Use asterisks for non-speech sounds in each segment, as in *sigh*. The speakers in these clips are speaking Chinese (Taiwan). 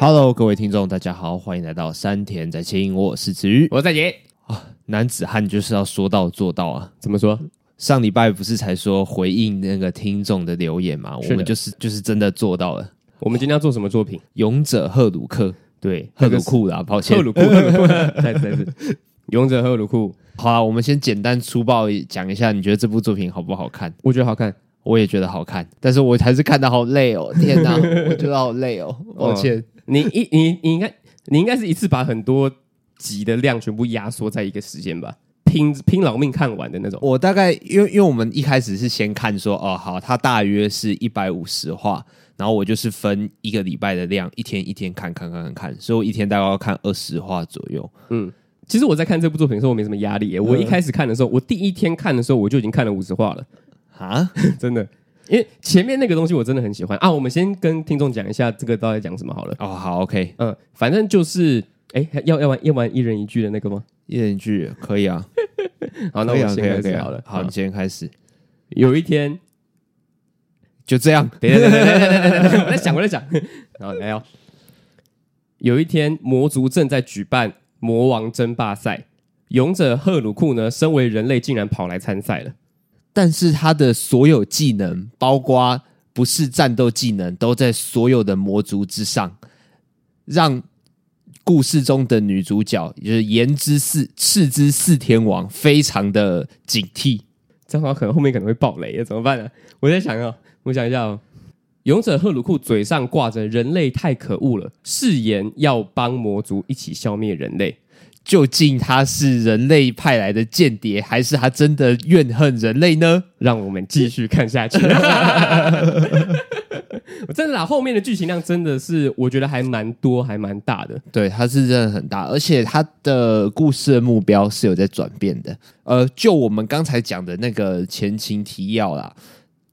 Hello，各位聽眾，大家好，歡迎來到山田在接。我是子瑜，我是在杰。男子漢就是要說到做到啊！怎麼說？上禮拜不是才說回應那個聽眾的留言嗎？我們就是就是真的做到了。我們今天要做什麼作品？勇者赫魯克。對，就是、赫魯庫啦，抱歉。赫魯庫，太真實。 *laughs* *laughs* *laughs* 勇者赫魯庫。好、啊，我們先簡單粗暴講一下，你覺得這部作品好不好看？我覺得好看，我也覺得好看，但是我還是看得好累哦。天哪， *laughs* 我覺得好累哦，抱歉。哦你一你你應該你應該是一次把很多集的量全部壓縮在一個時間吧，拼拼老命看完的那種。我大概因為因為我們一開始是先看說哦好，它大約是一百五十話，然後我就是分一個禮拜的量，一天一天看，看看看看，所以我一天大概要看二十話左右。嗯，其實我在看這部作品的時候，我沒什麼壓力，欸。我一開始看的時候，嗯，我第一天看的時候，我就已經看了五十話了。哈， *laughs* 真的。因為前面那個東西我真的很喜歡啊！我們先跟聽眾講一下這個到底講什麼好了。哦，好，OK，嗯、呃，反正就是，哎，要要玩要玩一人一句的那個嗎？一人一句可以啊。好，那我先開始好了。好，你先開始。有一天， *laughs* 就這樣 *laughs* 等下等下。我在想，我在想。 *laughs* 好，來哦。有一天，魔族正在舉辦魔王爭霸賽，勇者赫魯庫呢，身為人類竟然跑來參賽了。但是他的所有技能，包括不是戰鬥技能，都在所有的魔族之上，讓故事中的女主角也就是炎之四、赤之四天王非常的警惕。這樣的話可能後面可能會爆雷怎麼辦呢？啊，我在想啊，哦，我想一下哦，勇者赫魯庫嘴上掛着“人類太可惡了”，誓言要幫魔族一起消滅人類。究竟他是人類派來的間諜，還是他真的怨恨人類呢？讓我們繼續看下去。 *laughs* *laughs* 我真的，後面的劇情量真的是我覺得還蠻多，還蠻大的。對，他是真的很大，而且他的故事的目標是有在轉變的。呃，就我們剛才講的那個前情提要啦。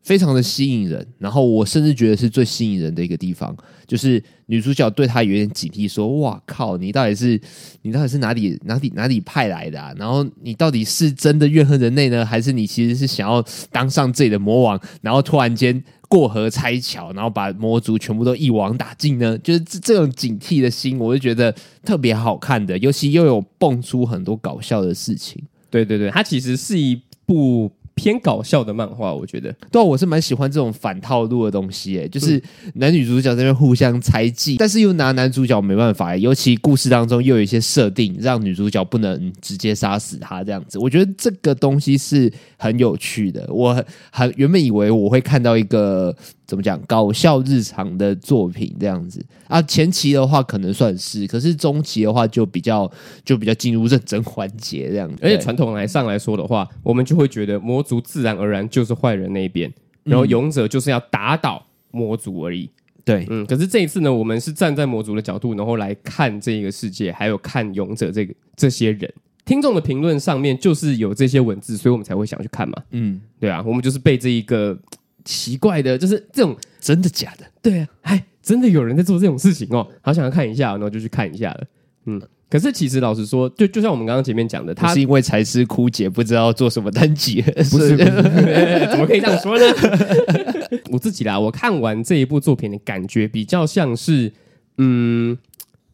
非常的吸引人，然後我甚至覺得是最吸引人的一個地方，就是女主角對他有點警惕，說：“哇靠，你到底是你到底是哪裡哪裡哪裡派來的啊？」然後你到底是真的怨恨人類呢，還是你其實是想要當上自己的魔王？然後突然間過河拆橋，然後把魔族全部都一網打盡呢？就是這這種警惕的心，我就覺得特別好看的，尤其又有蹦出很多搞笑的事情。對對對，它其實是一部。偏搞笑的漫畫，我覺得。對啊，我是蠻喜歡這種反套路的東西欸，誒，就是男女主角在那互相猜忌，嗯，但是又拿男主角沒辦法欸，尤其故事當中又有一些設定，讓女主角不能直接殺死他這樣子，我覺得這個東西是很有趣的。我很原本以為我會看到一個。怎麼講？搞笑日常的作品這樣子啊，前期的話可能算是，可是中期的話就比較就比較進入認真環節這樣。而且傳統來上來說的話，我們就會覺得魔族自然而然就是壞人那一邊，然後勇者就是要打倒魔族而已。嗯。對，嗯。可是這一次呢，我們是站在魔族的角度，然後來看這個世界，還有看勇者這個這些人。聽眾的評論上面就是有這些文字，所以我們才會想去看嘛。嗯，對啊，我們就是被這一個。奇怪的，就是這種真的假的？對啊，哎，真的有人在做這種事情哦，好想要看一下，然後就去看一下了。嗯，可是其實老實說，就就像我們剛剛前面講的，他是因為才思枯竭，不知道做什麼單集，是不是 *laughs* 對對對？怎麼可以這樣說呢？ *laughs* *laughs* 我自己啦，我看完這一部作品的感覺比較像是，嗯，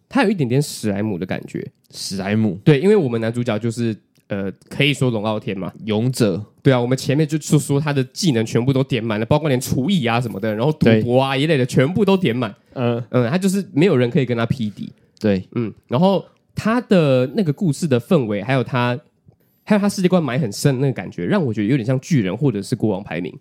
他有一點點史萊姆的感覺。史萊姆，對，因為我們男主角就是。呃，可以說龍傲天嘛，勇者。對啊，我們前面就是說他的技能全部都點滿了，包括連廚藝啊什麼的，然後賭博啊一類的全部都點滿。嗯、呃、嗯，他就是沒有人可以跟他匹敵。對，嗯。然後他的那個故事的氛圍，還有他，還有他世界觀埋很深的那個感覺，讓我覺得有點像巨人或者是國王排名。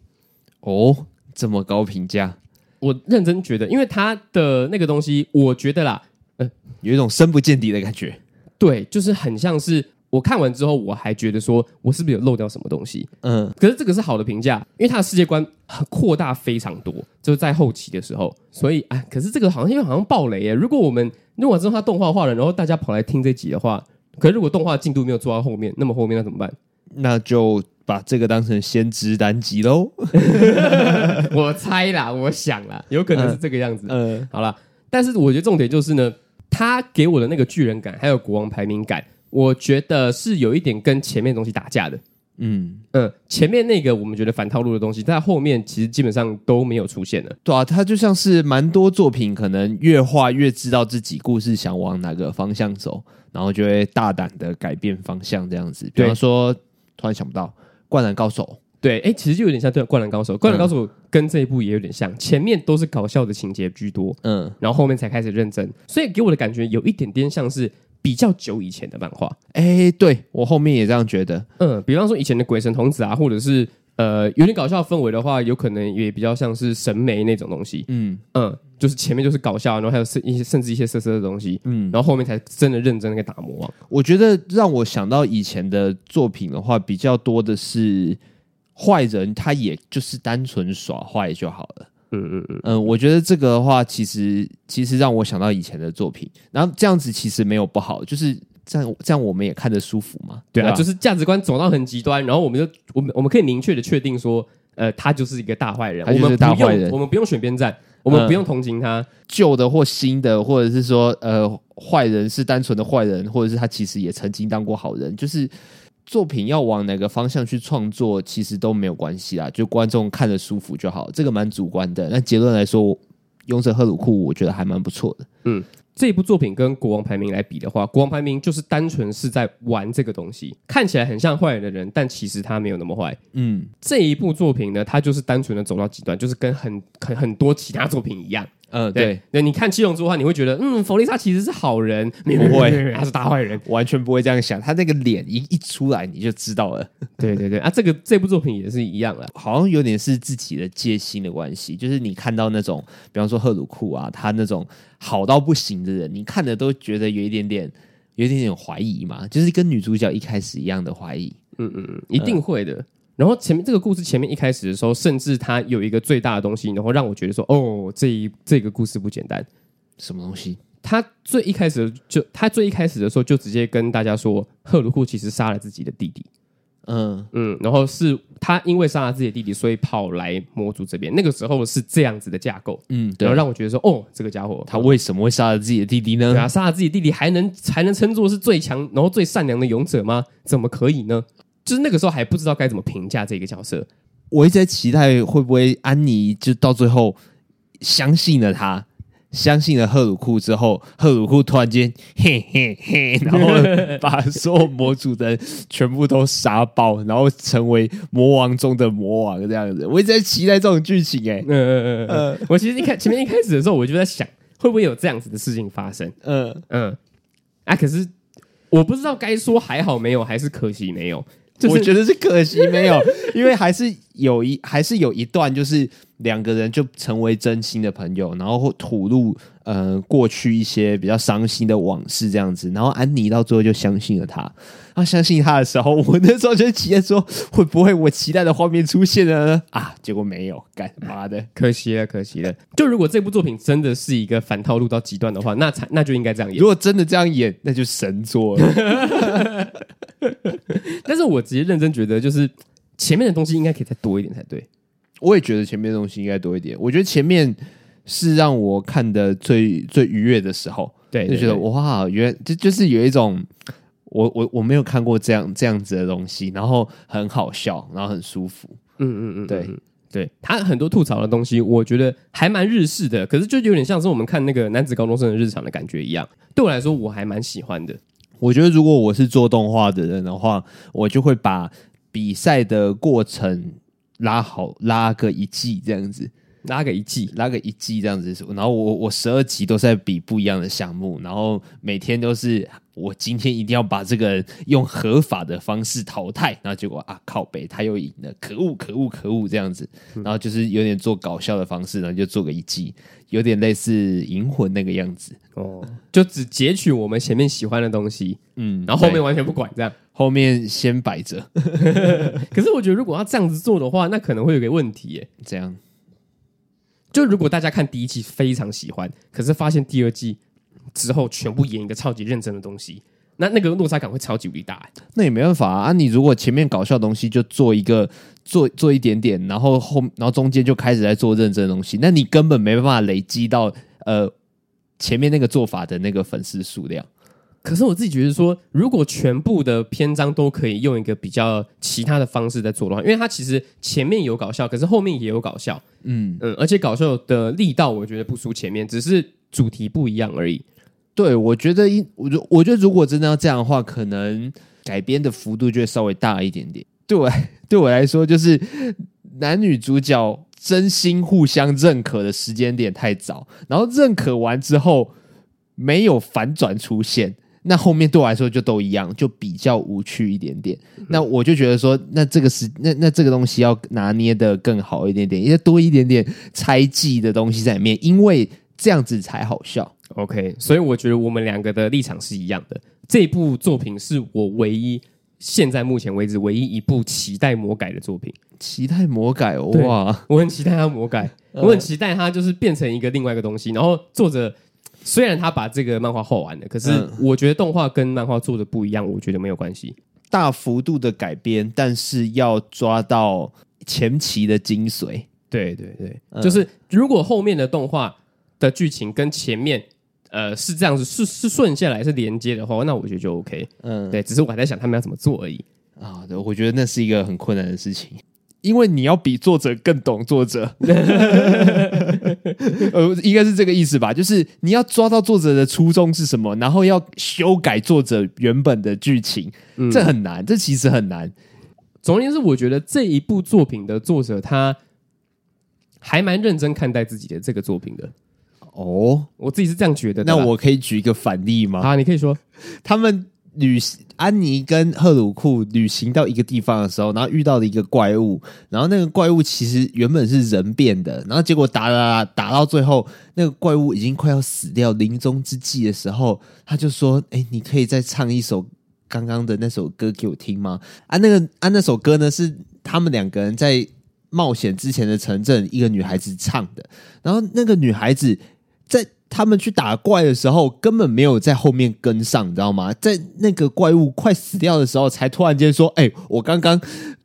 哦，這麼高評價，我認真覺得，因為他的那個東西，我覺得啦，呃、有一種深不見底的感覺。對，就是很像是。我看完之後，我還覺得說，我是不是有漏掉什麼東西？嗯，可是這個是好的評價，因為他的世界觀擴大非常多，就是在後期的時候。所以，哎，可是這個好像因為好像暴雷耶。如果我們如果之後他動畫化了，然後大家跑來聽這集的話，可是如果動畫進度沒有做到後面，那麼後面那怎麼辦？那就把這個當成先知單集嘍。 *laughs* *laughs* 我猜啦，我想啦，有可能是這個樣子嗯。嗯，好啦，但是我覺得重點就是呢，他給我的那個巨人感，還有國王排名感。我覺得是有一點跟前面的東西打架的，嗯呃、嗯，前面那個我們覺得反套路的東西，在後面其實基本上都沒有出現了。對啊，它就像是蠻多作品，可能越畫越知道自己故事想往哪個方向走，然後就會大膽的改變方向這樣子。比方說突然想不到《灌籃高手》。對，哎、欸，其實就有點像對《灌籃高手》，《灌籃高手》高手跟這一部也有點像，嗯、前面都是搞笑的情節居多，嗯，然後後面才開始認真，所以給我的感覺有一點點像是比較久以前的漫畫，哎、欸，對，我後面也這樣覺得，嗯，比方說以前的鬼神童子啊，或者是呃有點搞笑氛圍的話，有可能也比較像是神眉那種東西，嗯嗯，就是前面就是搞笑，然後還有甚一些甚至一些色色的東西，嗯，然後後面才真的認真的打魔王。我覺得讓我想到以前的作品的話，比較多的是壞人，他也就是單純耍壞就好了。嗯嗯嗯嗯，我覺得這個的話，其實其實讓我想到以前的作品。然後這樣子其實沒有不好，就是這樣這樣我們也看得舒服嘛。對啊，啊就是價值觀走到很極端，然後我們就我們我們可以明確的確定說，呃，他就是一個大壞人，人，我們不用人我們不用選邊站，我們不用同情他，舊、嗯、的或新的，或者是說呃，壞人是單純的壞人，或者是他其實也曾經當過好人，就是。作品要往哪個方向去創作，其實都沒有關係啦，就觀眾看着舒服就好。這個蠻主觀的。但結論來說，《勇者赫魯庫》我覺得還蠻不錯的。嗯，這一部作品跟《國王排名》來比的話，《國王排名》就是單純是在玩這個東西，看起來很像壞人的人，但其實他沒有那麼壞。嗯，這一部作品呢，他就是單純的走到極端，就是跟很很很多其他作品一樣。嗯，對，那你看七龍珠的話，你會覺得，嗯，弗麗莎其實是好人，你不會， *laughs* 他是大壞人， *laughs* 完全不會這樣想。他那個臉一一出來，你就知道了。對對對， *laughs* 啊，這個這部作品也是一樣了，好像有點是自己的戒心的關係，就是你看到那種，比方說赫魯庫啊，他那種好到不行的人，你看着都覺得有一點點，有一點點懷疑嘛，就是跟女主角一開始一樣的懷疑。嗯嗯嗯，一定會的。然後前面這個故事前面一開始的時候，甚至他有一個最大的東西，然後讓我覺得說，哦，這一這個故事不簡單。什麼東西？他最一開始就他最一開始的時候就直接跟大家說，赫魯庫其實殺了自己的弟弟。嗯嗯，然後是他因為殺了自己的弟弟，所以跑來魔族這邊。那個時候是這樣子的架構。嗯，然後讓我覺得說，哦，這個家伙他為什麼會殺了自己的弟弟呢？嗯，對啊，殺了自己的弟弟還能還能稱作是最強然後最善良的勇者嗎？怎麼可以呢？就是那個時候還不知道該怎麼評價這個角色，我一直在期待會不會安妮就到最後相信了他，相信了赫魯庫之後，赫魯庫突然間嘿嘿嘿，然後把所有魔族人全部都殺爆，然後成為魔王中的魔王這樣子。我一直在期待這種劇情，欸，哎，嗯嗯嗯嗯。我其實一開，前面一開始的時候，我就在想會不會有這樣子的事情發生，嗯嗯。啊，可是我不知道該說還好沒有，還是可惜沒有。就是、我覺得是可惜，沒有，因為還是有一，還是有一段就是。兩個人就成為真心的朋友，然後吐露呃過去一些比較傷心的往事，這樣子。然後安妮到最後就相信了他。然後相信他的時候，我那時候就期待說，會不會我期待的畫面出現了呢？啊，結果沒有，幹嘛的，可惜了，可惜了。就如果這部作品真的是一個反套路到極端的話，那才那就應該這樣演。如果真的這樣演，那就神作了。 *laughs* *laughs* 但是，我直接認真覺得，就是前面的東西應該可以再多一點才對。我也覺得前面的東西應該多一點。我覺得前面是讓我看的最最愉悅的時候，對，對，對，就覺得哇，原這就，就是有一種我我我沒有看過這樣這樣子的東西，然後很好笑，然後很舒服，嗯嗯嗯，嗯對，對，對他很多吐槽的東西，我覺得還蠻日式的，可是就有點像是我們看那個男子高中生的日常的感覺一樣。對我來說，我還蠻喜歡的。我覺得如果我是做動畫的人的話，我就會把比賽的過程。拉好，拉個一記這樣子。拉個一季，拉個一季這樣子，然後我我十二集都是在比不一樣的項目，然後每天都是我今天一定要把這個用合法的方式淘汰，然後結果啊靠北他又贏了，可惡可惡可惡這樣子，然後就是有點做搞笑的方式，然後就做個一季，有點類似《銀魂》那個樣子哦，就只截取我們前面喜歡的東西，嗯，然後後面完全不管這樣，後面先擺着。 *laughs* 可是我覺得如果要這樣子做的話，那可能會有個問題耶，這樣。就如果大家看第一季非常喜歡，可是發現第二季之後全部演一個超級認真的東西，那那個落差感會超級無敵大，欸。那也沒辦法啊，啊你如果前面搞笑的東西就做一個做做一點點，然後後然後中間就開始在做認真的東西，那你根本沒辦法累積到呃前面那個做法的那個粉絲數量。可是我自己覺得說，如果全部的篇章都可以用一個比較其他的方式在做的話，因為它其實前面有搞笑，可是後面也有搞笑，嗯嗯，而且搞笑的力道，我覺得不輸前面，只是主題不一樣而已。對，我覺得，我覺我覺得如果真的要這樣的話，可能改編的幅度就會稍微大一點點。對我，對我來說，就是男女主角真心互相認可的時間點太早，然後認可完之後沒有反轉出現。那後面對我來說就都一樣，就比較無趣一點點。那我就覺得說，那這個是那那這個東西要拿捏得更好一點點，也要多一點點猜忌的東西在裡面，因為這樣子才好笑。OK，所以我覺得我們兩個的立場是一樣的。這部作品是我唯一現在目前為止唯一一部期待魔改的作品。期待魔改，哦，哇！我很期待它魔改，哦，我很期待它就是變成一個另外一個東西。然後作者。雖然他把這個漫畫畫完了，可是我覺得動畫跟漫畫做的不一樣，嗯，我覺得沒有關係。大幅度的改編，但是要抓到前期的精髓。對對對，嗯、就是如果後面的動畫的劇情跟前面呃是這樣子，是是順下來是連接的話，那我覺得就 OK。嗯，對，只是我還在想他們要怎麼做而已。啊，對，我覺得那是一個很困難的事情。因為你要比作者更懂作者 *laughs* *laughs* 呃，應該是這個意思吧？就是你要抓到作者的初衷是什麼，然後要修改作者原本的劇情，嗯、這很難，這其實很難。總而言之，我覺得這一部作品的作者他還蠻認真看待自己的這個作品的。哦，我自己是這樣覺得。那我可以舉一個反例嗎？啊，你可以說他們。旅行，安妮跟赫魯庫旅行到一個地方的時候，然後遇到了一個怪物，然後那個怪物其實原本是人變的，然後結果打打打到最後，那個怪物已經快要死掉，臨終之際的時候，他就說：“哎，你可以再唱一首剛剛的那首歌給我聽嗎？”啊，那個啊，那首歌呢是他們兩個人在冒險之前的城鎮一個女孩子唱的，然後那個女孩子在。他們去打怪的時候，根本沒有在後面跟上，你知道嗎？在那個怪物快死掉的時候，才突然間說：“哎、欸，我剛剛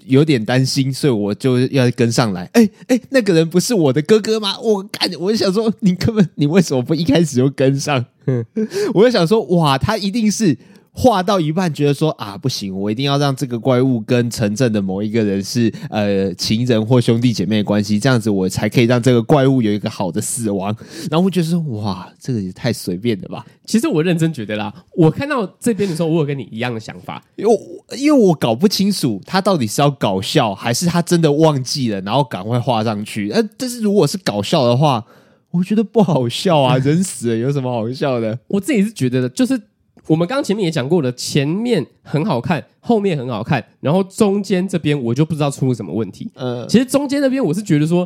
有點擔心，所以我就要跟上來。欸”哎、欸、哎，那個人不是我的哥哥嗎？我看，我就想說，你根本你為什麼不一開始就跟上？ *laughs* 我就想說，哇，他一定是。畫到一半，覺得說啊不行，我一定要讓這個怪物跟城鎮的某一個人是呃情人或兄弟姐妹的關係，這樣子我才可以讓這個怪物有一個好的死亡。然後我覺得說哇，這個也太隨便了吧！其實我認真覺得啦，我看到這邊的時候，我有跟你一樣的想法，因為因為我搞不清楚他到底是要搞笑，還是他真的忘記了，然後趕快畫上去。呃，但是如果是搞笑的話，我覺得不好笑啊， *laughs* 人死了有什麼好笑的？我自己是覺得的，就是。我們剛剛前面也講過了，前面很好看，後面很好看，然後中間這邊我就不知道出了什麼問題。呃、其實中間那邊我是覺得說，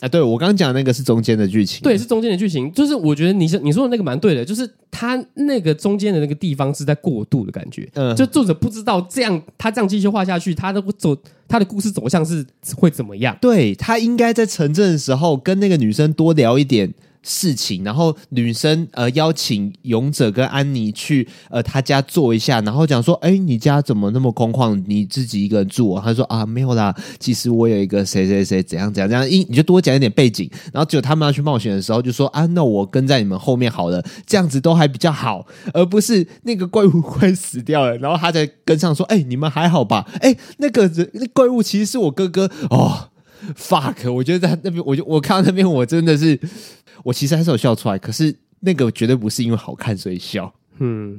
啊對，對我剛剛講那個是中間的劇情，對，是中間的劇情，就是我覺得你說你說的那個蠻對的，就是他那個中間的那個地方是在過渡的感覺，嗯、呃，就作者不知道這樣他這樣繼續畫下去，他的走他的故事走向是會怎麼樣？對他應該在城鎮的時候跟那個女生多聊一點。事情，然後女生呃邀請勇者跟安妮去呃他家坐一下，然後講說，哎，你家怎麼那麼空曠？你自己一個人住啊？他說啊，沒有啦，其實我有一個誰誰誰怎樣怎樣怎樣，一你就多講一點背景。然後只有他們要去冒險的時候，就說啊，那我跟在你們後面好了，這樣子都還比較好，而不是那個怪物快死掉了，然後他才跟上說，哎，你們還好吧？哎，那個人那怪物其實是我哥哥哦。fuck，我覺得在那邊，我就我看到那邊，我真的是，我其實還是有笑出來，可是那個絕對不是因為好看所以笑。嗯，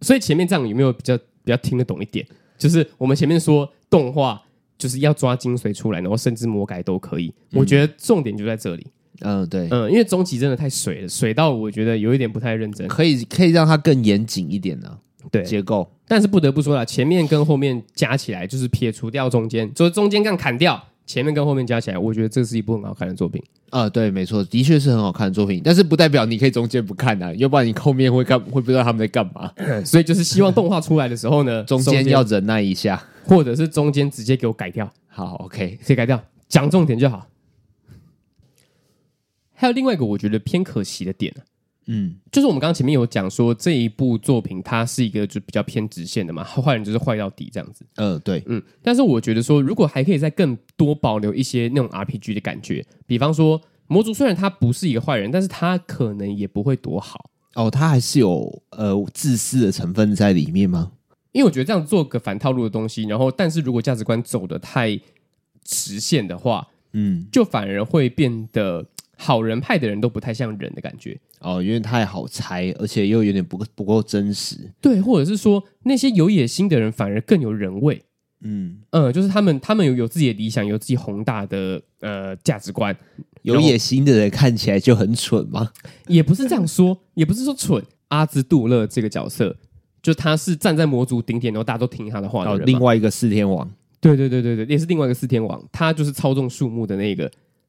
所以前面這樣有沒有比較比較聽得懂一點？就是我們前面說動畫就是要抓精髓出來，然後甚至魔改都可以。嗯，我覺得重點就在這裡。嗯，對，嗯，因為終極真的太水了，水到我覺得有一點不太認真。可以可以讓它更嚴謹一點呢，啊。對，結構，但是不得不說啦，前面跟後面加起來就是撇除掉中間，所以中間這樣砍掉。前面跟後面加起來，我覺得這是一部很好看的作品啊、呃！對，沒錯，的確是很好看的作品，但是不代表你可以中間不看啊，要不然你後面會看，會不知道他們在幹嘛。 *coughs* 所以就是希望動畫出來的時候呢，中間要忍耐一下，或者是中間直接給我改掉。好，OK，直接改掉，講重點就好。還有另外一個我覺得偏可惜的點。嗯，就是我們剛剛前面有講說這一部作品它是一個就比較偏直線的嘛，壞人就是壞到底這樣子。嗯、呃，對，嗯。但是我覺得說，如果還可以再更多保留一些那種 RPG 的感覺，比方說魔族雖然他不是一個壞人，但是他可能也不會多好。哦，他還是有呃自私的成分在裡面嗎？因為我覺得這樣做個反套路的東西，然後但是如果價值觀走得太直線的話，嗯，就反而會變得。好人派的人都不太像人的感覺哦，因為太好猜，而且又有點不不夠真實。對，或者是說那些有野心的人反而更有人味。嗯呃、嗯，就是他們他們有有自己的理想，有自己宏大的呃價值觀。有野心的人看起來就很蠢嗎？也不是這樣說，也不是說蠢。阿茲杜勒這個角色，就他是站在魔族頂點，然後大家都聽他的話的人。到另外一個四天王，對對對對對，也是另外一個四天王，他就是操縱樹木的那個。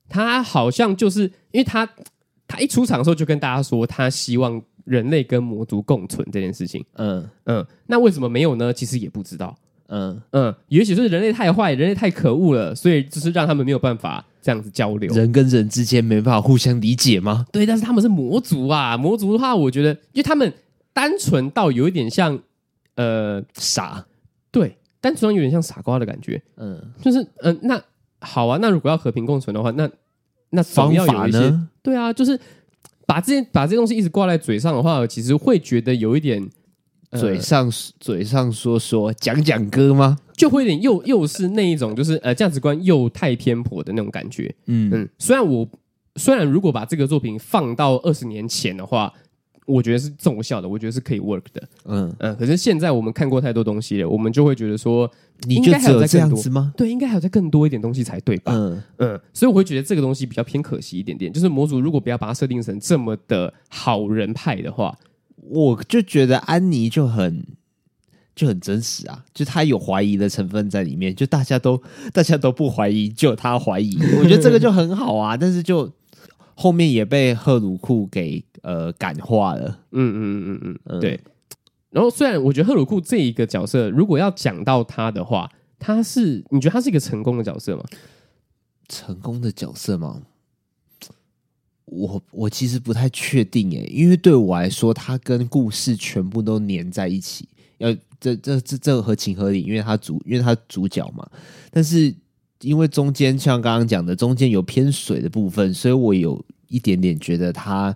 他好像就是，因為他他一出場的時候就跟大家說，他希望人類跟魔族共存這件事情。嗯嗯，那為什麼沒有呢？其實也不知道。嗯嗯，也許是人類太壞，人類太可惡了，所以就是讓他們沒有辦法這樣子交流。人跟人之間沒辦法互相理解嗎？對，但是他們是魔族啊。魔族的話，我覺得，因為他們單純到有一點像呃傻，對，單純到有點像傻瓜的感覺。嗯，就是嗯、呃、那。好啊，那如果要和平共存的話，那那總要有一些方法呢？對啊，就是把這些把這些東西一直掛在嘴上的話，其實會覺得有一點、呃、嘴上嘴上說說講講歌嗎？就會有點又又是那一種，就是呃價值觀又太偏頗的那種感覺。嗯嗯，雖然我雖然如果把這個作品放到二十年前的話。我覺得是奏效的，我覺得是可以 work 的，嗯嗯。可是現在我們看過太多東西了，我們就會覺得說，你就應該還有再更多這樣子嗎？對，應該還有再更多一點東西才對吧？嗯嗯。所以我會覺得這個東西比較偏可惜一點點。就是魔族如果不要把它設定成這麼的好人派的話，我就覺得安妮就很就很真實啊，就她有懷疑的成分在裡面。就大家都大家都不懷疑，就她懷疑，我覺得這個就很好啊。 *laughs* 但是就。後面也被赫魯庫給呃感化了，嗯嗯嗯嗯嗯，對。然後雖然我覺得赫魯庫這一個角色，如果要講到他的話，他是你覺得他是一個成功的角色嗎？成功的角色嗎？我我其實不太確定耶，因為對我來說，他跟故事全部都粘在一起，要這這這這合情合理，因為他主因為他主角嘛。但是因為中間像剛剛講的，中間有偏水的部分，所以我有。一點點覺得他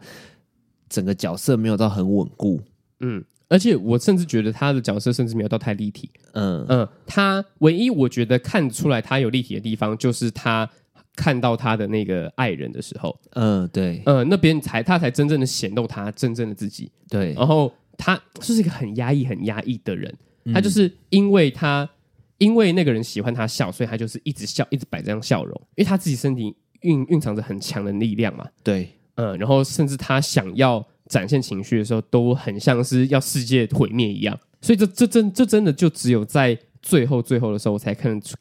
整個角色沒有到很穩固，嗯，而且我甚至覺得他的角色甚至沒有到太立體，嗯嗯，他唯一我覺得看出來他有立體的地方，就是他看到他的那個愛人的時候，嗯對，嗯那邊才他才真正的顯露他真正的自己，對，然後他就是一個很壓抑很壓抑的人。嗯，他就是因為他因為那個人喜歡他笑，所以他就是一直笑一直擺這樣笑容，因為他自己身體。蘊蘊藏着很強的力量嘛？對，嗯，然後甚至他想要展現情緒的時候，都很像是要世界毀滅一樣。所以，這這真這真的就只有在最後最後的時候，我才看得出，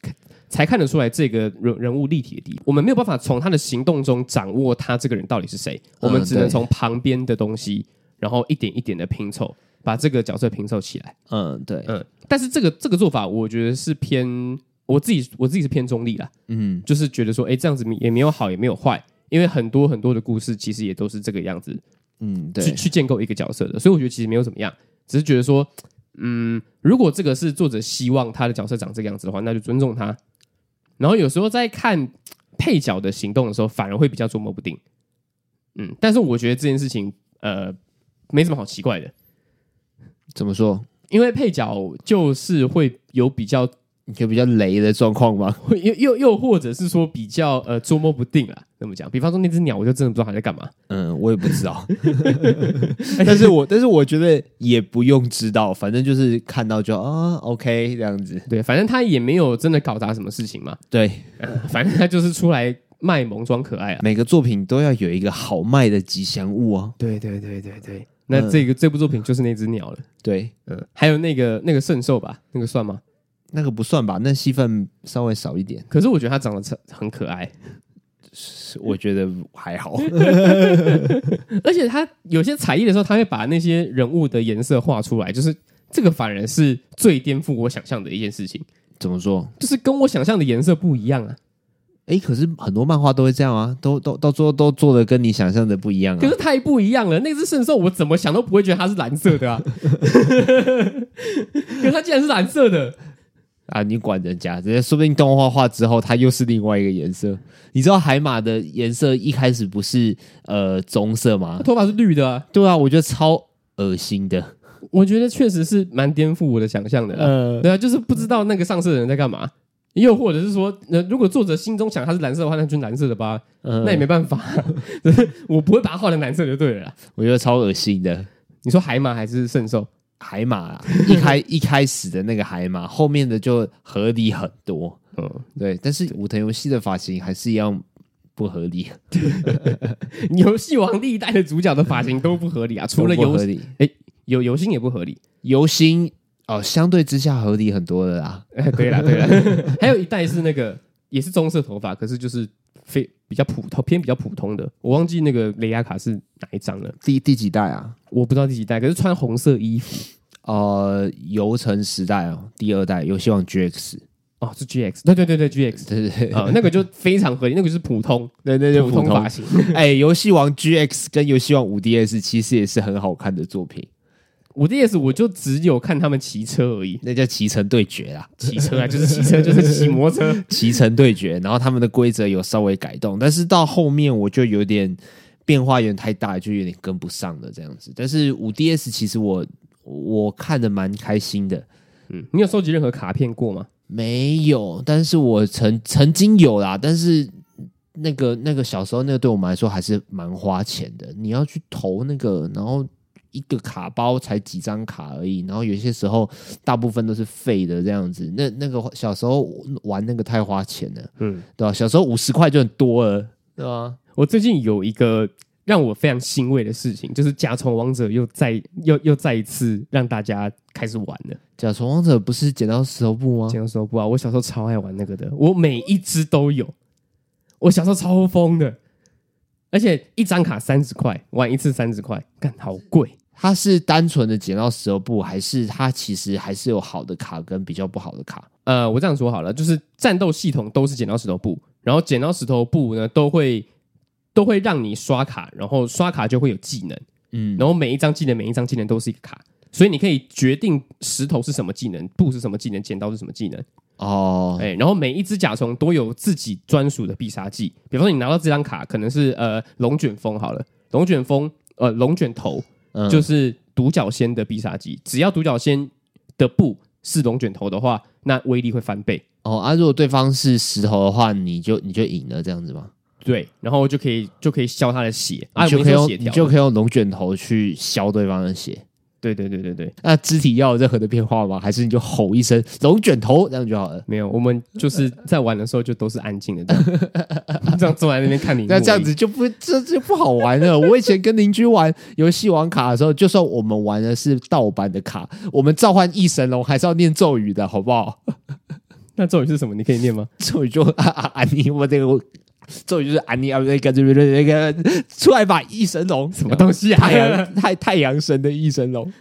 才看得出來這個人人物立體的地方。我們沒有辦法從他的行動中掌握他這個人到底是誰，嗯，我們只能從旁邊的東西，嗯，然後一點一點的拼湊，把這個角色拼湊起來。嗯，對，嗯，但是這個這個做法，我覺得是偏。我自己我自己是偏中立啦，嗯，就是覺得說，哎、欸，這樣子也沒有好，也沒有壞，因為很多很多的故事其實也都是這個樣子，嗯，對，去去建構一個角色的，所以我覺得其實沒有怎麼樣，只是覺得說，嗯，如果這個是作者希望他的角色長這個樣子的話，那就尊重他。然後有時候在看配角的行動的時候，反而會比較捉摸不定，嗯，但是我覺得這件事情呃沒什麼好奇怪的，怎麼說？因為配角就是會有比較。就比較雷的狀況嗎？又又又或者是說比較呃捉摸不定啦，怎麼講？比方說那隻鳥，我就真的不知道它在幹嘛。嗯，我也不知道。 *laughs* 但是我 *laughs* 但是我覺得也不用知道，反正就是看到就啊，OK 這樣子。對，反正他也沒有真的搞砸什麼事情嘛。對，呃、反正他就是出來賣萌裝可愛啊。每個作品都要有一個好賣的吉祥物啊。對對對對對。那這個、嗯、這部作品就是那隻鳥了。對，嗯，還有那個那個聖獸吧，那個算嗎？那個不算吧，那戲份稍微少一點。可是我覺得他長得很可愛， *laughs* 我覺得還好。 *laughs* *laughs* 而且他有些才藝的時候，他會把那些人物的顏色畫出來，就是這個反而是最顛覆我想象的一件事情。怎麼說？就是跟我想象的顏色不一樣啊！哎、欸，可是很多漫畫都會這樣啊，都都都做都做的跟你想象的不一樣啊。可是太不一樣了，那只聖獸我怎麼想都不會覺得它是藍色的啊， *laughs* *laughs* 可是它竟然是藍色的。啊！你管人家，人家說不定動畫化之後，它又是另外一個顏色。你知道海馬的顏色一開始不是呃棕色嗎？頭髮是綠的、啊，對啊，我覺得超噁心的。我覺得確實是蠻顛覆我的想象的。嗯、呃，對啊，就是不知道那個上色的人在幹嘛。又或者是說，那、呃、如果作者心中想它是藍色的話，那就藍色的吧。呃、那也沒辦法、啊， *laughs* 我不會把它畫成藍色就對了。我覺得超噁心的。你說海馬還是聖獸？海馬、啊、一開一開始的那個海馬，後面的就合理很多。嗯，對，但是武藤遊戲的髮型還是一樣不合理。遊戲王歷代的主角的髮型都不合理啊，除，除了遊戲哎，遊、欸、遊星也不合理，遊星哦，相對之下合理很多的啦。哎、欸，對啦，對啦。還有一代是那個也是棕色頭髮，可是就是。非比較普通，偏比較普通的，我忘記那個雷亞卡是哪一張了，第第幾代啊？我不知道第幾代，可是穿紅色衣服呃，遊城十代哦，第二代遊戲王 GX 哦，是 GX，對對對對 GX，對對對，啊、呃，那個就非常合理，那個是普通， *laughs* 普通，對對對普通髮型，哎、欸，遊戲王 GX 跟遊戲王 5DS 其實也是很好看的作品。五 DS 我就只有看他們騎車而已，那叫騎乘對決啦，騎車啊， *laughs* 就是騎車，就是騎摩托車，騎乘對決。然後他們的規則有稍微改動，但是到後面我就有點變化有點太大，就有點跟不上了。這樣子。但是五 DS 其實我我看得蠻開心的。嗯，你有收集任何卡片過嗎？沒有，但是我曾曾經有啦，但是那個那個小時候那個對我們來說還是蠻花錢的。你要去投那個，然後。一個卡包才幾張卡而已，然後有些時候大部分都是廢的這樣子。那那個小時候玩那個太花錢了，嗯，對啊。小時候五十塊就很多了，對啊。我最近有一個讓我非常欣慰的事情，就是《甲蟲王者》又再又又再一次讓大家開始玩了。《甲蟲王者》不是剪刀石頭布嗎？剪刀石頭布啊！我小時候超愛玩那個的，我每一隻都有，我小時候超瘋的，而且一張卡三十塊，玩一次三十塊，幹，好貴。它是單純的剪刀石頭布，還是它其實還是有好的卡跟比較不好的卡？呃，我這樣說好了，就是戰鬥系統都是剪刀石頭布，然後剪刀石頭布呢，都會都會讓你刷卡，然後刷卡就會有技能，嗯，然後每一張技能每一張技能都是一個卡，所以你可以決定石頭是什麼技能，布是什麼技能，剪刀是什麼技能。哦，哎、欸，然後每一隻甲蟲都有自己專屬的必殺技，比方說你拿到這張卡可能是呃龍捲風好了，龍捲風呃龍捲頭。嗯、就是獨角仙的必殺技，只要獨角仙的布是龍捲頭的話，那威力會翻倍哦。啊，如果對方是石頭的話，你就你就贏了這樣子嗎？對，然後就可以就可以削他的血，你就可以用，啊、就可以用龍捲頭去削對方的血。對對對對對，那肢體要有任何的變化嗎？還是你就吼一聲龍卷頭這樣就好了？沒有，我們就是在玩的時候就都是安靜的這， *laughs* *laughs* 這樣坐在那邊看你。那這樣子就不這就，就不好玩了。 *laughs* 我以前跟鄰居玩遊戲王卡的時候，就算我們玩的是盜版的卡，我們召喚異神龍還是要念咒語的好不好？ *laughs* 那咒語是什麼？你可以念嗎？咒語就啊啊啊！你我這個。我咒語就是“安尼奧那個那個出來吧，翼神龍，什麼東西啊？太太陽神的翼神龍，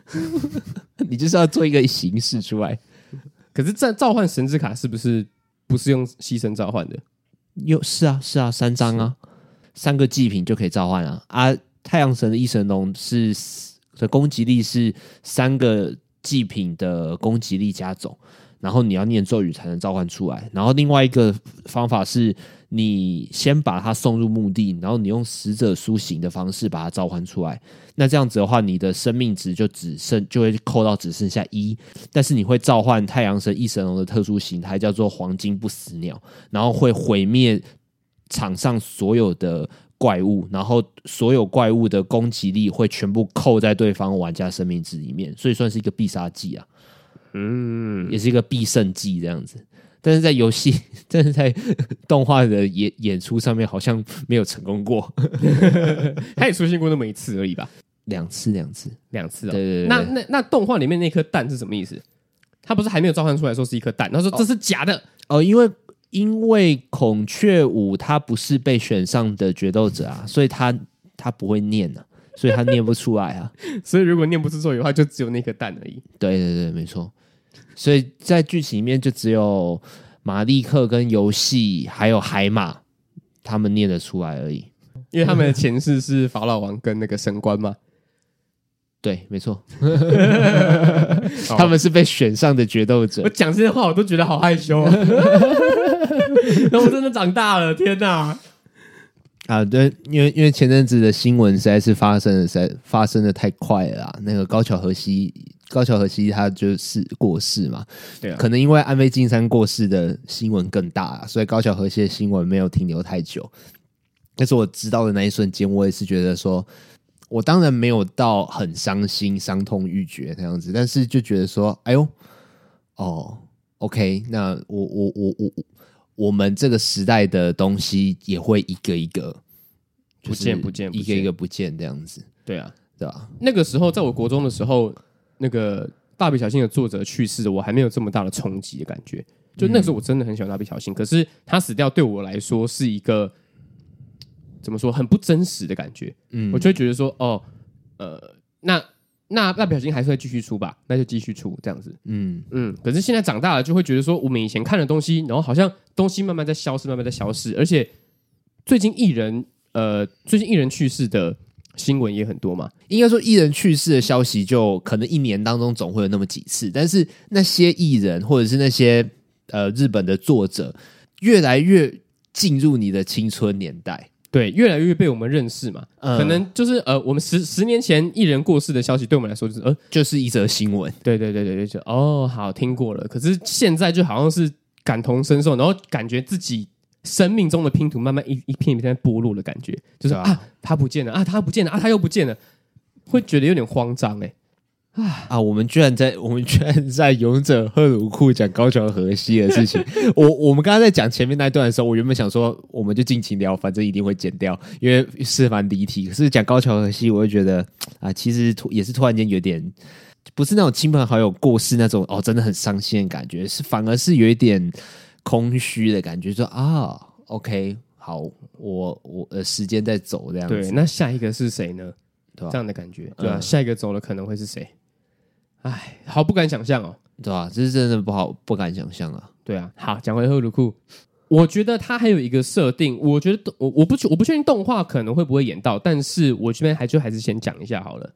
*laughs* 你就是要做一個形式出來。可是召召喚神之卡是不是不是用犧牲召喚的？有是啊，是啊，三張啊，三個祭品就可以召喚了、啊。啊，太陽神的翼神龍是的攻擊力是三個祭品的攻擊力加總，然後你要念咒語才能召喚出來。然後另外一個方法是。你先把他送入墓地，然後你用死者甦醒的方式把他召喚出來。那這樣子的話，你的生命值就只剩，就會扣到只剩下一。但是你會召喚太陽神翼神龍的特殊形態，叫做黃金不死鳥，然後會毀滅場上所有的怪物，然後所有怪物的攻擊力會全部扣在對方玩家生命值裡面，所以算是一個必殺技啊，嗯，也是一個必勝技，這樣子。但是在遊戲，但是在動畫的演演出上面好像沒有成功過， *laughs* 他也出現過那麼一次而已吧？兩次，兩次，兩次啊、哦！對,對,對，那那那動畫裡面那顆蛋是什麼意思？他不是還沒有召喚出來，說是一顆蛋，他說這是假的哦,哦，因為因為孔雀舞他不是被選上的決鬥者啊，所以他他不會念啊，所以他念不出來啊， *laughs* 所以如果念不出咒語的話，就只有那顆蛋而已。對對對，沒錯。所以在劇情裡面就只有馬利克、跟遊戲還有海馬他們念得出來而已，因為他們的前世是法老王跟那個神官嘛、嗯。對，沒錯， *laughs* 他們是被選上的決鬥者、哦。我講這些話我都覺得好害羞、啊，那 *laughs* *laughs* 我真的長大了，天哪、啊！啊，對，因為因為前陣子的新聞實在是發生的，發生的太快了。那個高橋和希。高橋和希他就是過世嘛，對啊，可能因為安倍晉三過世的新聞更大啊，所以高橋和希的新聞沒有停留太久。但是我知道的那一瞬間，我也是覺得說，我當然沒有到很傷心、傷痛欲絕那樣子，但是就覺得說，哎呦，哦，OK，那我我我我我，我們這個時代的東西也會一個一個、就是一個一個不見、不見、不見、不見，一個一個不見這樣子，對啊，對吧，啊？那個時候在我國中的時候。那個蠟筆小新的作者去世，我還沒有這麼大的衝擊的感覺。就那時候，我真的很喜歡蠟筆小新，可是他死掉對我來說是一個怎麼說很不真實的感覺。嗯，我就會覺得說，哦，呃，那那蠟筆小新還是會繼續出吧？那就繼續出這樣子。嗯嗯。可是現在長大了，就會覺得說，我們以前看的東西，然後好像東西慢慢在消失，慢慢在消失。而且最近藝人，呃，最近藝人去世的。新聞也很多嘛，應該說藝人去世的消息就可能一年當中總會有那麼幾次，但是那些藝人或者是那些呃日本的作者越來越進入你的青春年代，對，越來越被我們認識嘛，呃、可能就是呃，我們十十年前藝人過世的消息對我們來說就是呃，就是一則新聞，對對對對對，哦，好聽過了，可是現在就好像是感同身受，然後感覺自己。生命中的拼圖慢慢一片一片一片剝落的感覺，就是啊，他、啊、不見了啊，他不見了啊，他又不見了，會覺得有點慌張哎、欸、啊我們居然在我們居然在《然在勇者赫魯庫》講高橋和希的事情。 *laughs* 我我們剛剛在講前面那一段的時候，我原本想說我們就盡情聊，反正一定會剪掉，因為是蠻離題。可是講高橋和希，我就覺得啊、呃，其實突也是突然間有點不是那種親朋好友過世那種哦，真的很傷心的感覺，是反而是有一點。空虛的感覺說，說啊，OK，好，我我呃時間在走這樣子，對，那下一個是誰呢？對吧？這樣的感覺，對啊、嗯、下一個走了可能會是誰？哎，好不敢想象哦、喔，對吧？這是真的不好不敢想象啊。對啊，好，講回赫魯庫，我覺得他還有一個設定，我覺得我我不我不確定動畫可能會不會演到，但是我這邊還就還是先講一下好了。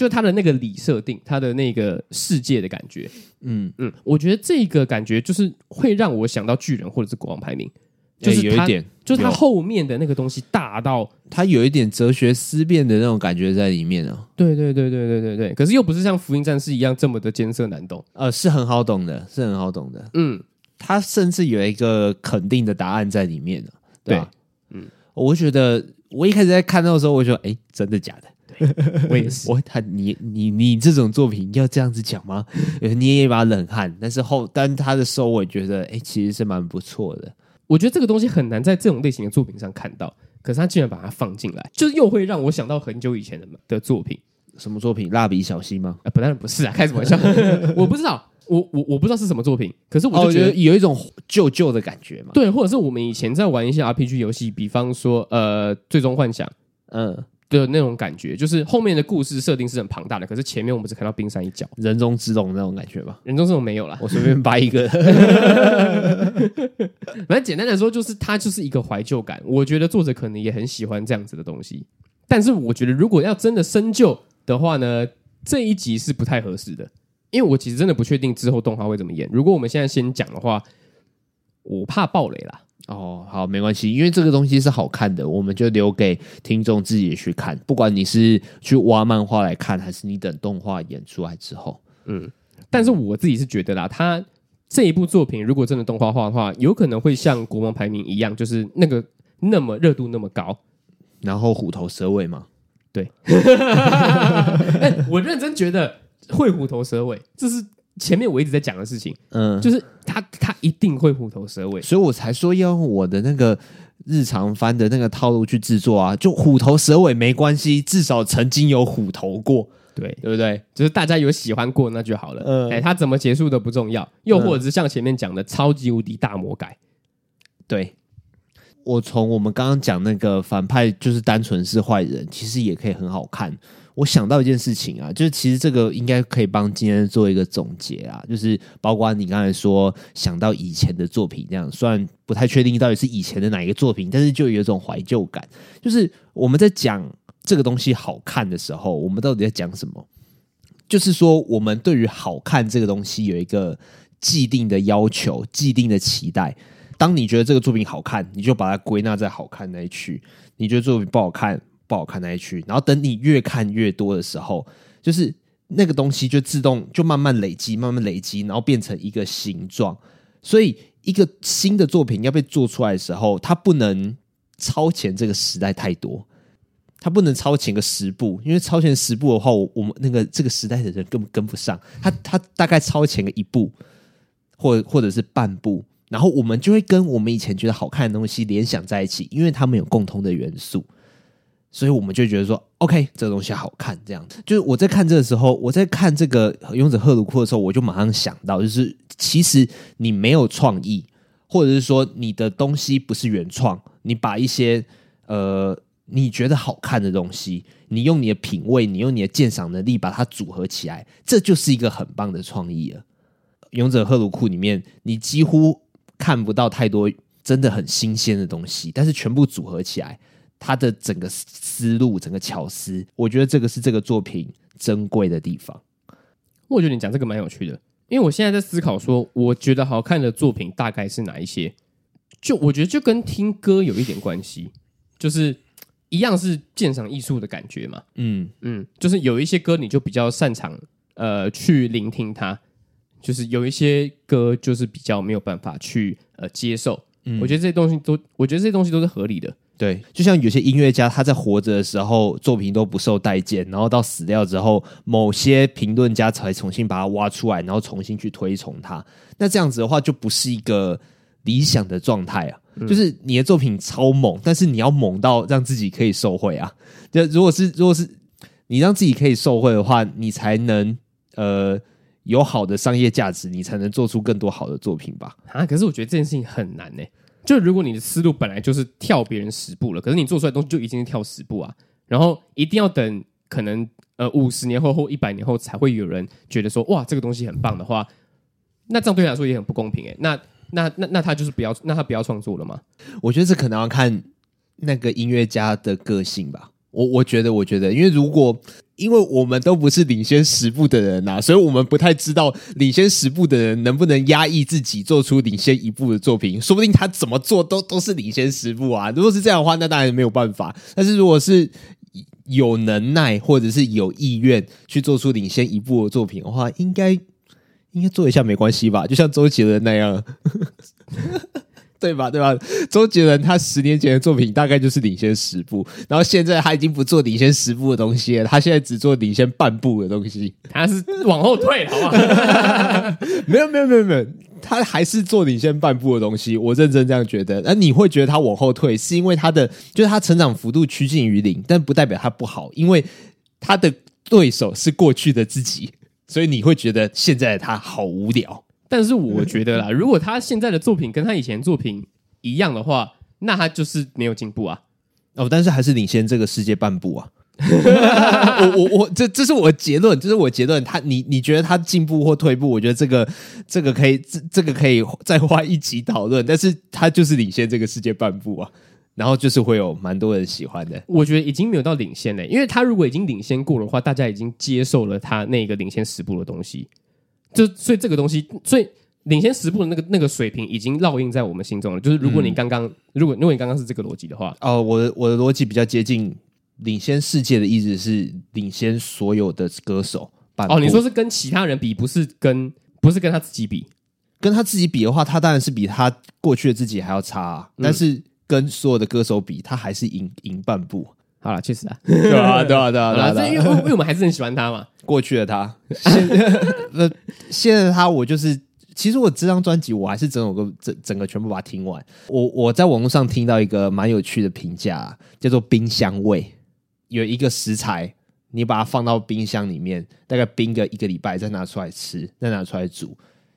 就是他的那個理設定，他的那個世界的感覺，嗯嗯，我覺得這個感覺就是會讓我想到巨人或者是國王排名，欸、就是有一點，就是他後面的那個東西大到他有，有一點哲學思辨的那種感覺在裡面哦、啊。對對對對對對對，可是又不是像福音戰士一樣這麼的艱澀難懂。呃，是很好懂的，是很好懂的。嗯，他甚至有一個肯定的答案在裡面、啊、對、啊，嗯，我覺得我一開始在看到的時候，我覺得哎、欸，真的假的？我也是， *laughs* 我他你你你這種作品要這樣子講嗎？捏一把冷汗，但是後但他的收尾覺得哎、欸，其實是蠻不錯的。我覺得這個東西很難在這種類型的作品上看到，可是他竟然把它放進來，就是又會讓我想到很久以前的的作品。什麼作品？蠟筆小新嗎？呃、不，但不是啊！開什麼玩笑？ *laughs* *laughs* 我不知道，我我我不知道是什麼作品。可是我就覺得有一種舊舊的感覺嘛、哦嗯。對，或者是我們以前在玩一些 RPG 遊戲，比方說呃，《最終幻想》嗯。的那種感覺，就是後面的故事設定是很龐大的，可是前面我們只看到冰山一角，人中之龍那種感覺吧？人中之龍沒有啦，我隨便掰一個。反 *laughs* 正 *laughs* 簡單的說，就是它就是一個懷舊感。我覺得作者可能也很喜歡這樣子的東西，但是我覺得如果要真的深究的話呢，這一集是不太合適的，因為我其實真的不確定之後動畫會怎麼演。如果我們現在先講的話，我怕暴雷啦。哦、oh，好，沒關係，因為這個東西是好看的，我們就留給聽眾自己去看。不管你是去挖漫畫來看，還是你等動畫演出來之後，嗯，但是我自己是覺得啦，他這一部作品如果真的動畫化的話，有可能會像《國王排名》一樣，就是那個那麼熱度那麼高，然後虎頭蛇尾嘛？對， *laughs* 欸，我認真覺得會虎頭蛇尾，這是。前面我一直在講的事情，嗯，就是他他一定會虎頭蛇尾，所以我才說要用我的那個日常番的那個套路去製作啊，就虎頭蛇尾沒關係，至少曾經有虎頭過，對對不對？就是大家有喜歡過那就好了，嗯、哎，他怎麼結束都不重要，又或者是像前面講的超級無敵大魔改，對，我從我們剛剛講那個反派就是單純是壞人，其實也可以很好看。我想到一件事情啊，就是其實這個應該可以幫今天做一個總結啊，就是包括你剛才說想到以前的作品這樣，雖然不太確定到底是以前的哪一個作品，但是就有一種懷舊感。就是我們在講這個東西好看的時候，我們到底在講什麼？就是說我們對於好看這個東西有一個既定的要求、既定的期待。當你覺得這個作品好看，你就把它歸納在好看那一區；你覺得作品不好看，不好看那一區，然後等你越看越多的時候，就是那個東西就自動就慢慢累積，慢慢累積，然後變成一個形狀。所以一個新的作品要被做出來的時候，它不能超前這個時代太多，它不能超前個十步，因為超前十步的話，我，我們那個這個時代的人根本跟不上。它它大概超前個一步，或者或者是半步，然後我們就會跟我們以前覺得好看的東西聯想在一起，因為他們有共通的元素。所以我們就覺得說，OK，這東西好看，這樣子。就是我在看這個時候，我在看這個《勇者赫魯庫》的時候，我就馬上想到，就是其實你沒有創意，或者是說你的東西不是原創，你把一些呃你覺得好看的東西，你用你的品味，你用你的鑑賞能力把它組合起來，這就是一個很棒的創意了。《勇者赫魯庫》裡面，你幾乎看不到太多真的很新鮮的東西，但是全部組合起來。他的整個思路、整個巧思，我覺得這個是這個作品珍貴的地方。我覺得你講這個蠻有趣的，因為我現在在思考說，我覺得好看的作品大概是哪一些？就我覺得就跟聽歌有一點關係，就是一樣是鑑賞藝術的感覺嘛。嗯嗯，就是有一些歌你就比較擅長呃去聆聽它，就是有一些歌就是比較沒有辦法去呃接受、嗯。我覺得這些東西都，我覺得這些東西都是合理的。對，就像有些音樂家，他在活着的時候作品都不受待見，然後到死掉之後，某些評論家才重新把它挖出來，然後重新去推崇它。那這樣子的話，就不是一個理想的狀態啊、嗯。就是你的作品超猛，但是你要猛到讓自己可以受惠啊。這如果是如果是你讓自己可以受惠的話，你才能呃有好的商業價值，你才能做出更多好的作品吧？啊，可是我覺得這件事情很難呢、欸。就如果你的思路本來就是跳別人十步了，可是你做出來的東西就已經跳十步啊，然後一定要等可能呃五十年後或一百年後才會有人覺得說，哇，這個東西很棒的話，那這樣對你來說也很不公平誒、欸，那那那那他就是不要，那他不要創作了嗎？我覺得這可能要看那個音樂家的個性吧。我我覺得，我覺得，因為如果，因為我們都不是領先十步的人啊，所以我們不太知道領先十步的人能不能壓抑自己做出領先一步的作品。說不定他怎麼做都都是領先十步啊。如果是這樣的話，那當然沒有辦法。但是如果是有能耐或者是有意願去做出領先一步的作品的話，應該應該做一下沒關係吧？就像周杰倫那樣。 *laughs* 對吧？對吧？周杰倫他十年前的作品大概就是領先十步，然後現在他已經不做領先十步的東西了，他現在只做領先半步的東西，他是往後退，好不好？沒有，沒有，沒有，沒有，他還是做領先半步的東西。我認真這樣覺得。那你會覺得他往後退，是因為他的就是他成長幅度趨近於零，但不代表他不好，因為他的對手是過去的自己，所以你會覺得現在的他好無聊。但是我覺得啦，如果他現在的作品跟他以前作品一樣的話，那他就是沒有進步啊。哦，但是還是領先這個世界半步啊！ *laughs* *laughs* 我我我，這這是我的結論，這是我結論。他你你覺得他進步或退步？我覺得這個這個可以這這個可以再花一集討論。但是他就是領先這個世界半步啊，然後就是會有蠻多人喜歡的。我覺得已經沒有到領先呢，因為他如果已經領先過的話，大家已經接受了他那個領先十步的東西。就所以這個東西，所以領先十步的那個那個水平已經烙印在我們心中了。就是如果你剛剛如果如果你剛剛是這個邏輯的話，哦、呃，我的我的邏輯比較接近領先世界的意思是領先所有的歌手半步。哦，你說是跟其他人比，不是跟不是跟他自己比？跟他自己比的話，他當然是比他過去的自己還要差，啊嗯。但是跟所有的歌手比，他還是贏贏半步。好啦去死了，確實啊，啊，啊，啊，對啊，對啊，對啊，因為我們還是很喜歡他嘛。過去的他， *laughs* 現在的他，我就是其實我這張專輯，我還是整首歌整整個全部把它聽完。我我在網絡上聽到一個蠻有趣的評價啊，叫做“冰箱味”。有一個食材，你把它放到冰箱裡面，大概冰個一個禮拜，再拿出來吃，再拿出來煮。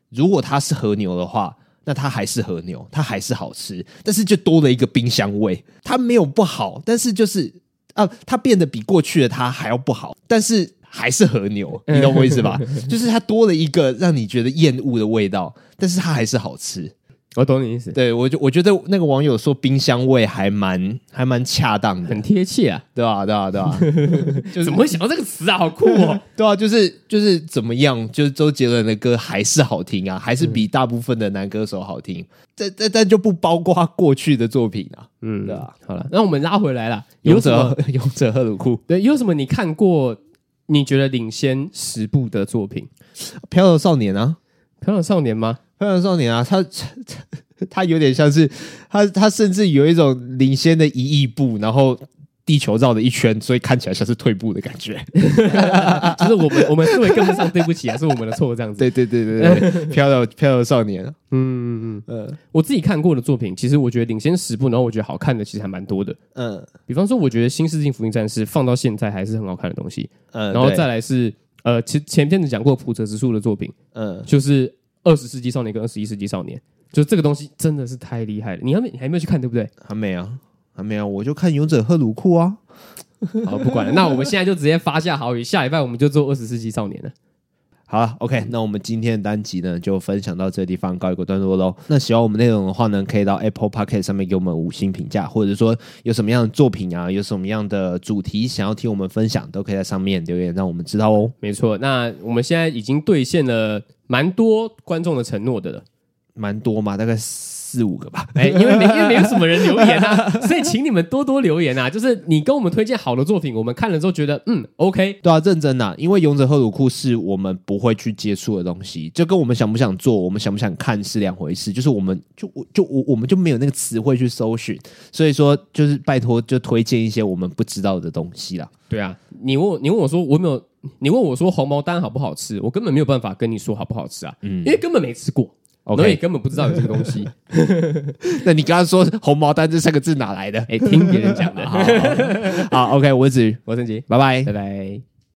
如果它是和牛的話，那它還是和牛，它還是好吃，但是就多了一個冰箱味。它沒有不好，但是就是。啊，它變得比過去的它還要不好，但是還是和牛， *laughs* 你懂我意思吧？就是它多了一個讓你覺得厭惡的味道，但是它還是好吃。我懂你意思，對我就我覺得那個網友說冰箱味還蠻還蠻恰當的，很貼切啊，對啊，對啊，對啊。 *laughs* 就是、怎麼會想到這個詞啊，好酷哦！ *laughs* 對啊，就是就是怎麼樣，就是周杰倫的歌還是好聽啊，還是比大部分的男歌手好聽。嗯、但但但就不包括過去的作品啊，嗯，對啊。好了，那我們拉回來了，勇者勇者赫魯庫。對， *laughs* 有什麼你看過？你覺得領先十部的作品，《漂流少年》啊。漂亮少年嗎？漂亮少年啊，他他他有點像是他他甚至有一種領先的一億步，然後地球繞了一圈，所以看起來像是退步的感覺。 *laughs* *laughs* *laughs* 就是我們我們追跟不上，對不起，啊，是我們的錯這樣子。對對對對對，漂亮漂亮少年，嗯嗯嗯，我自己看過的作品，其實我覺得領先十步，然後我覺得好看的其實還蠻多的。嗯，比方說，我覺得《新世紀福音戰士》放到現在還是很好看的東西。嗯，然後再來是。嗯呃，前前陣子講過浦澤直樹的作品，呃、嗯，就是二十世紀少年跟二十一世紀少年，就這個東西真的是太厲害了。你還沒你還沒有去看對不對？還沒有，啊，還沒有，啊。我就看勇者赫魯庫啊。好，不管了， *laughs* 那我們現在就直接發下豪語，下一半我們就做二十世紀少年了。好了，OK，那我們今天的單集呢，就分享到這個地方，告一個段落嘍。那喜歡我們內容的話呢，可以到 Apple Podcast 上面給我們五星評價，或者說有什麼樣的作品啊，有什麼樣的主題想要聽我們分享，都可以在上面留言，讓我們知道哦。沒錯，那我們現在已經兌現了蠻多觀眾的承諾的了，蠻多嘛，大概四。四五個吧，哎、欸，因為每天沒有什麼人留言啊，所以請你們多多留言啊！就是你跟我們推薦好的作品，我們看了之後覺得嗯，OK，對啊，認真啊！因為《勇者赫魯庫》是我們不會去接觸的東西，就跟我們想不想做，我們想不想看是兩回事。就是我們就我就我我們就沒有那個詞彙去搜尋，所以說就是拜託就推薦一些我們不知道的東西啦。對啊，你問你問我說我沒有，你問我說紅毛丹好不好吃，我根本沒有辦法跟你說好不好吃啊，嗯、因為根本沒吃過。所、okay. 以根本不知道有這個東西。 *laughs* *laughs* 那你剛剛說“紅毛丹”這三個字哪來的？哎、欸，聽別人講的。 *laughs* 好，好，好， *laughs* 好，OK，我是子瑜，我是升級拜拜，拜拜。Bye bye